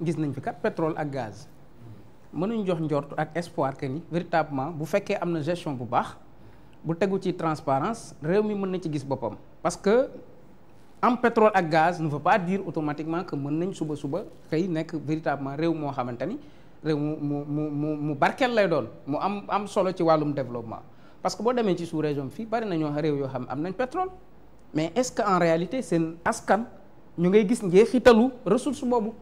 gis nañ fi kat pétrole ak gaz mënuñ jox njort ak espoir que ni véritablement bu fekkee am na gestion bu baax bu tegu ci transparence réew mi mën na ci gis boppam parce que am pétrole ak gaz ne veut pas dire automatiquement que mën nañ suba suba xëy nekk véritablement réew moo xamante ni réew mu mu mu mu mu barkeel lay doon mu am am solo ci wàllum développement parce que boo demee ci sous région fii bari na ñoo réew yoo xam am nañ pétrole mais est-ce que en réalité seen askan ñu ngay gis njeexitalu ressource boobu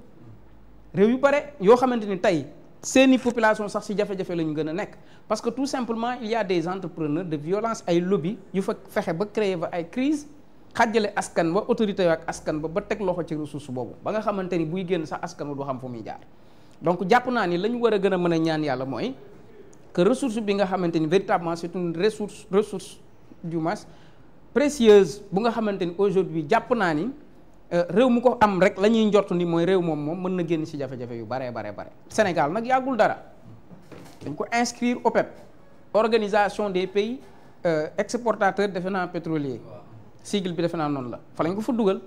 réew yu pare yoo xamante ni tey seeni population sax ci jafe-jafe la ñu gën a nekk parce que tout simplement il des entrepreneurs de violence ay lobby yu fa fexe ba créer ba ay crise xàjjale askan wa autorité ak askan ba ba teg loxo ci ressource boobu ba nga xamante ni buy génn sax askan wa du xam fu muy jaar donc jàpp naa ni la ñu war a gën a mën a ñaan yàlla mooy que ressource bi nga xamante ni véritablement c'est une ressource ressource du mas bu nga xamante ni aujourd'hui jàpp naa ni Euh, réew mu ko am rek la ñuy njort ni mooy réew moom moom mën na génn ci jafe-jafe yu baree baree bare Sénégal nag yàggul dara dañ ko inscrire OPEP organisation des pays euh, exportateurs defe naa pétrolier sigle bi defe naa noonu la fa lañ ko fa dugal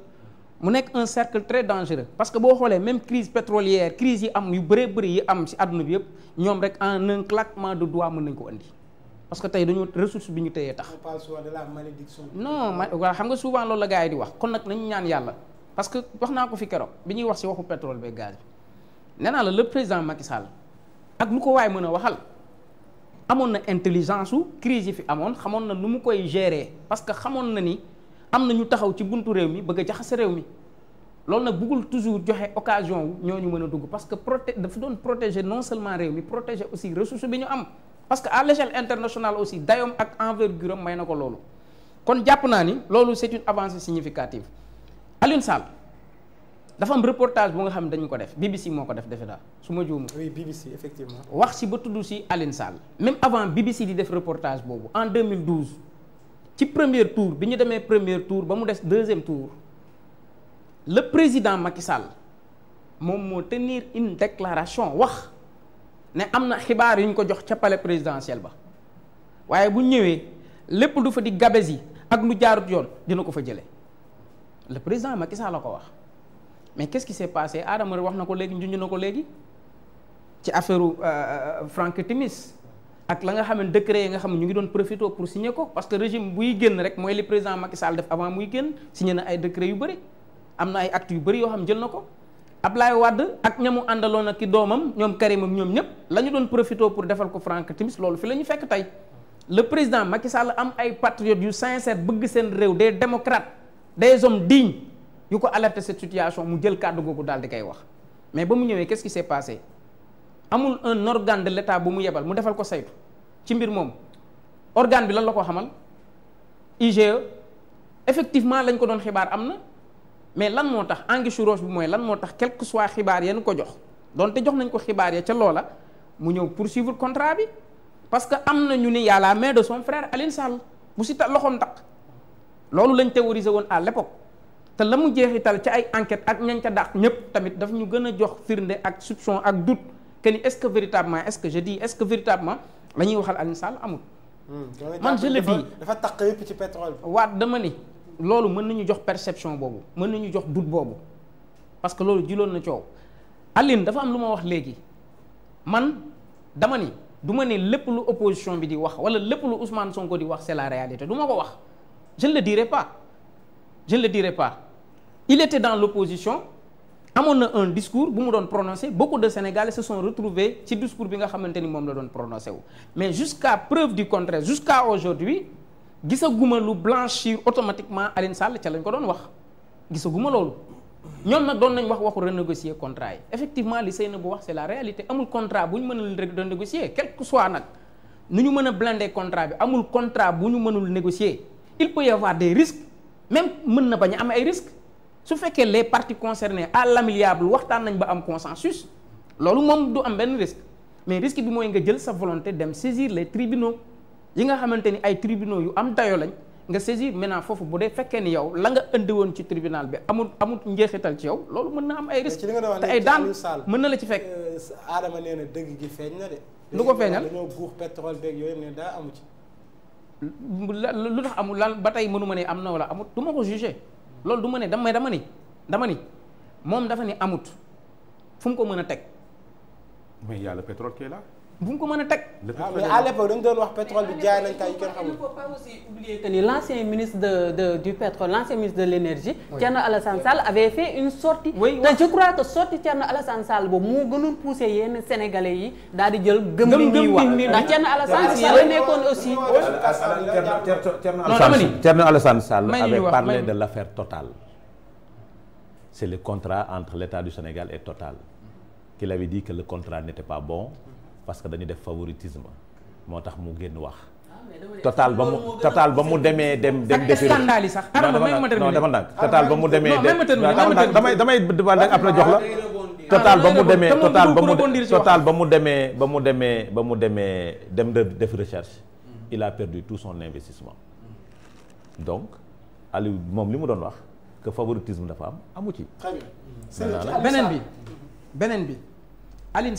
mu nekk un cercle très dangereux parce que boo xoolee même crise pétrolière crise yi am yu bëree bëri yi am si àdduna bi yëpp ñoom rek en un claquement de doigts mën nañ ko indi parce que tey dañu ressource bi ñu téyee tax. on parle souvent de la malédiction. non ma waaw xam yi di wax kon nag nañu ñaan yàlla. parce que wax naa ko fi keroog bi ñuy wax ci waxu pétrole beeg gaz bi nee naa la le président Macky Sall ak lu ko waay mën a waxal amoon na intelligence su crise yi fi amoon xamoon na nu mu koy gérer parce que xamoon na ni am na ñu taxaw ci buntu réew mi bëgg a jaxase réew mi loolu nag bëggul toujours joxe occasion wu ñooñu mën a dugg parce que proté dafa doon protéger non seulement réew mi protéger aussi ressource bi ñu am parce que à l'échelle internationale aussi ak envergure am may na ko loolu kon jàpp naa ni loolu c'est une avancée significative Alioune Sall dafa am reportage bu nga xam ne dañu ko def BBC moo ko def defe daal su ma juum. oui BBC effectivement. wax si ba tudd si Alioune Sall même avant BBC di def reportage boobu en 2012 ci première tour bi ñu demee premier tour ba mu des deuxième tour le président Macky Sall moom moo tenir une déclaration wax ne am na xibaar yu ñu ko jox ca pale présidentiel ba waaye bu ñëwee lépp du fa di gabes yi ak lu jaarut yoon dina ko fa jëlee. le président Macky Sall la ko wax mais qu'est-ce qui s'est passé Adama wax na ko léegi junj na ko léegi ci affaire euh, euh, Franck Timis ak la nga xam ne décret yi nga xam ne ñu ngi doon profité pour signer ko parce que régime buy génn rek mooy li président Macky Sall def avant muy génn signé na ay décret yu bëri am na ay actes yu bëri yoo xam jël na ko Ablaye Wade ak ñamu àndaloon ak ki doomam ñoom Karim ak ñoom ñëpp la ñu doon profité pour defal ko Franck Timis loolu fi la ñu fekk tey le président Macky am ay patriotes yu sincère bëgg seen réew des démocrates des hommes dignes yu ko alerte cette situation mu jël kàddu googu daal di koy wax mais ba mu ñëwee qu'est-ce qui s'est passé amul un organe de letat bu mu yebal mu defal ko saytu ci mbir moom organ bi lan la ko xamal IGE effectivement lañ ko doon xibaar am na mais lan moo tax enguichurage bi mooy lan moo tax quel que soit xibaar yeen ko jox donte jox nañ ko xibaar ya ca loola mu ñëw poursuivre contrat bi parce que am na ñu ni y a la main de son frère Alioune Sall bu si ta loxoom taq loolu lañ théorisé woon à l'époque te la mu tal ca ay enquête ak ñañ ca dàq ñëpp tamit daf ñu gën a jox firnde ak soupçon ak doute que ni est-ce que véritablement est-ce que je dis est-ce que véritablement la ñuy waxal Alioune Sall amul. Hmm, man je le dafa taq yëpp ci pétrole bi. waat dama ni loolu mën nañu jox perception boobu mën nañu jox doute boobu parce que loolu jiloon na coow Alioune dafa am lu ma wax léegi man dama ni du ma ne lépp lu opposition bi di wax wala lépp lu Ousmane Sonko di wax c'est la réalité du ma ko wax. je ne le dirai pas je ne le dirai pas il était dans l'opposition amoon na un discours bu mu doon prononcé beaucoup de Sénégalais se sont retrouvés ci discours bi nga xamante ni moom la doon prononcé wu mais jusqu'à preuve du contraire jusqu'à aujourd'hui gisaguma lu blanchir automatiquement Alioune Sall ca lañ ko doon wax gisaguma loolu ñoom nag doon nañ wax waxu renégocier contrat yi effectivement li Seyna bu wax c'est la réalité amul contra bu ñu mënul renégocier quel que soit nag nu ñu mën a blinder contrat bi amul contrat bu ñu mënul négocier il peut y avoir des risques même mën na bañ a am ay risques su fekkee le parti concernées à l'amiable waxtaan nañ ba am consensus loolu moom du am benn risque mais risque bi mooy nga jël sa volonté dem saisir les tribunaux yi nga xamante ni ay tribunaux yu am dayo lañ nga saisir maintenant foofu bu dee fekkee ni yow la nga indi woon ci tribunal bi amul amul njeexital ci yow loolu mën na am ay risque te ay daan mën na la ci fekk. Euh, Adama nee na dëgg gi feeñ na de. ko feeñal dañoo guux pétrole yooyu ne daa amu ci. lu tax amul lan ba tey mënu ma ne am na wala amut du ma ko jugé loolu du ma ne dama dama ni dama ni moom dafa ni amut fum mu ko mën a teg. mais y la le pétrole qui bu ñu ko mën a teg. Ah, mais à l'époque dañu doon wax pétrole bi jaay nañ tay yu kenn xamul. ministre de, de du pétrole l'ancien ministre de l'énergie. oui Thierno Alassane Sall avait fait une sortie. oui te je crois que sortie Thierno Alassane boobu moo gënoon poussé yenn sénégalais yi daal di jël. gëm li ñuy wax ndax Thierno Alassane Sall nekkoon aussi. Thierno Alassane Sall avait parlé de l'affaire Total. c'est le contrat entre l'État du Sénégal et Total qu'il avait dit que le contrat n'était pas parce que dañu def favoritisme moo tax mu génn wax. Ah, total ba mu total ba mu demee dem dem. defi scandale yi sax xarala ma terminé non dama ba mu demee dem damay damay après jox la. total ba mu demee total ba mu total ba mu demee ba mu demee ba mu demee dem de def recherche. il a perdu tout son investissement. donc Aliou moom li mu doon wax que favoritisme dafa am amu ci. beneen bi beneen bi Aline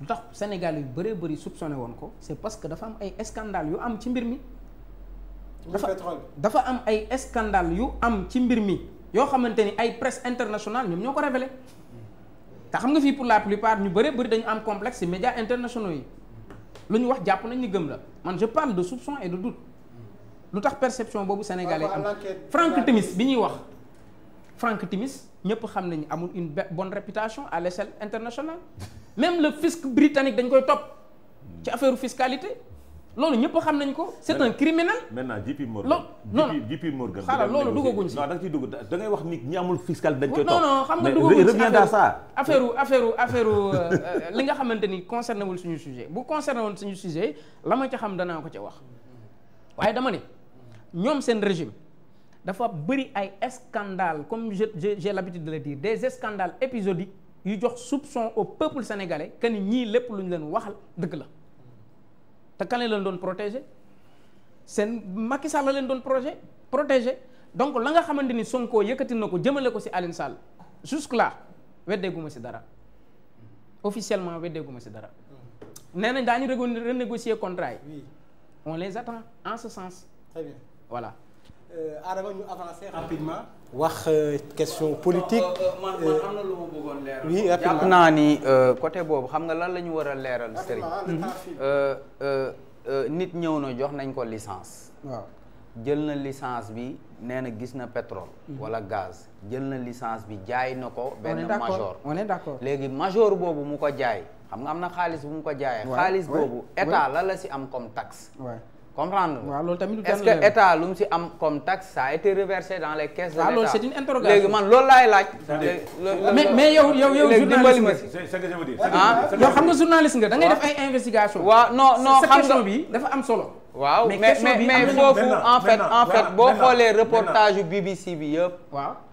lu tax Sénégal yu bëree bëri soupçonné woon ko c' est parce que dafa am ay scandale yu am ci mbir mi. dafa am ay scandale yu am ci mbir mi yoo xamante ni ay presse international ñoom ñoo ko révélé te xam nga fii pour la plupart ñu bëree bëri dañu am complexe ci médias internationaux yi lu ñu wax jàpp nañ ni gëm la man je parle de soupçon et de doute lu tax perception boobu sénégalais am Franck Timis bi ñuy wax Franck Timis ñëpp xam nañu amul une bonne réputation à internationale. même le fisc britannique dañ koy topp ci affaire fiscalité loolu ñëpp xam nañ ko c'est un criminel. maintenant JP Morgan. non JP Morgan. xaaral loolu duggaguñ si. non da nga ciy dugg wax ni ñi amul fiscal dañ koy topp. non xam nga duggaguñ si affaire affaire euh, li nga xamante ni concerné wul suñu sujet bu concerné woon suñu sujet la ma ca xam danaa ko ca wax waaye dama ne ñoom seen régime dafa bëri ay scandale comme je j'ai l'habitude de le dire des scandales épisodiques yu jox soupçon au peuple sénégalais que ni ñii lépp lu ñu leen waxal dëgg la te kan la leen doon protéger seen Macky Sall leen doon projet protéger donc la nga xamante ni Sonko yëkkati na ko jëmale ko si Aline Sall jusque là weddeeguma si dara officiellement weddeeguma si dara nee nañ renégocier contrat on les en ce sens. Euh, Adama ñu avancer rapidement. wax euh, question politique. Euh, man man naa ni côté boobu xam nga lan la ñu war a leeral. sëriñ nit ñëw na jox nañ ko licence. waaw jël na licence bi nee na gis na pétrole. Mhm. wala gaz jël na licence bi jaay na ko. benn major on est d'accord léegi major boobu mu ko jaay. xam nga am na xaalis bu mu ko jaayee. xaalis boobu état la la si am comme taxe. comprendre nga. waaw loolu tamit est-ce que état lu mu si am comme taxe ça a été reversé dans les caisses de l'état. waaw man loolu laay laaj. mais mais yow yow yow. Ah? journaliste nga c'est yow xam da ngay def ay investigation. waaw non non xam nga am solo. waaw mais mais mais foofu en fait en fait boo xoolee reportage yu BBC bi yëpp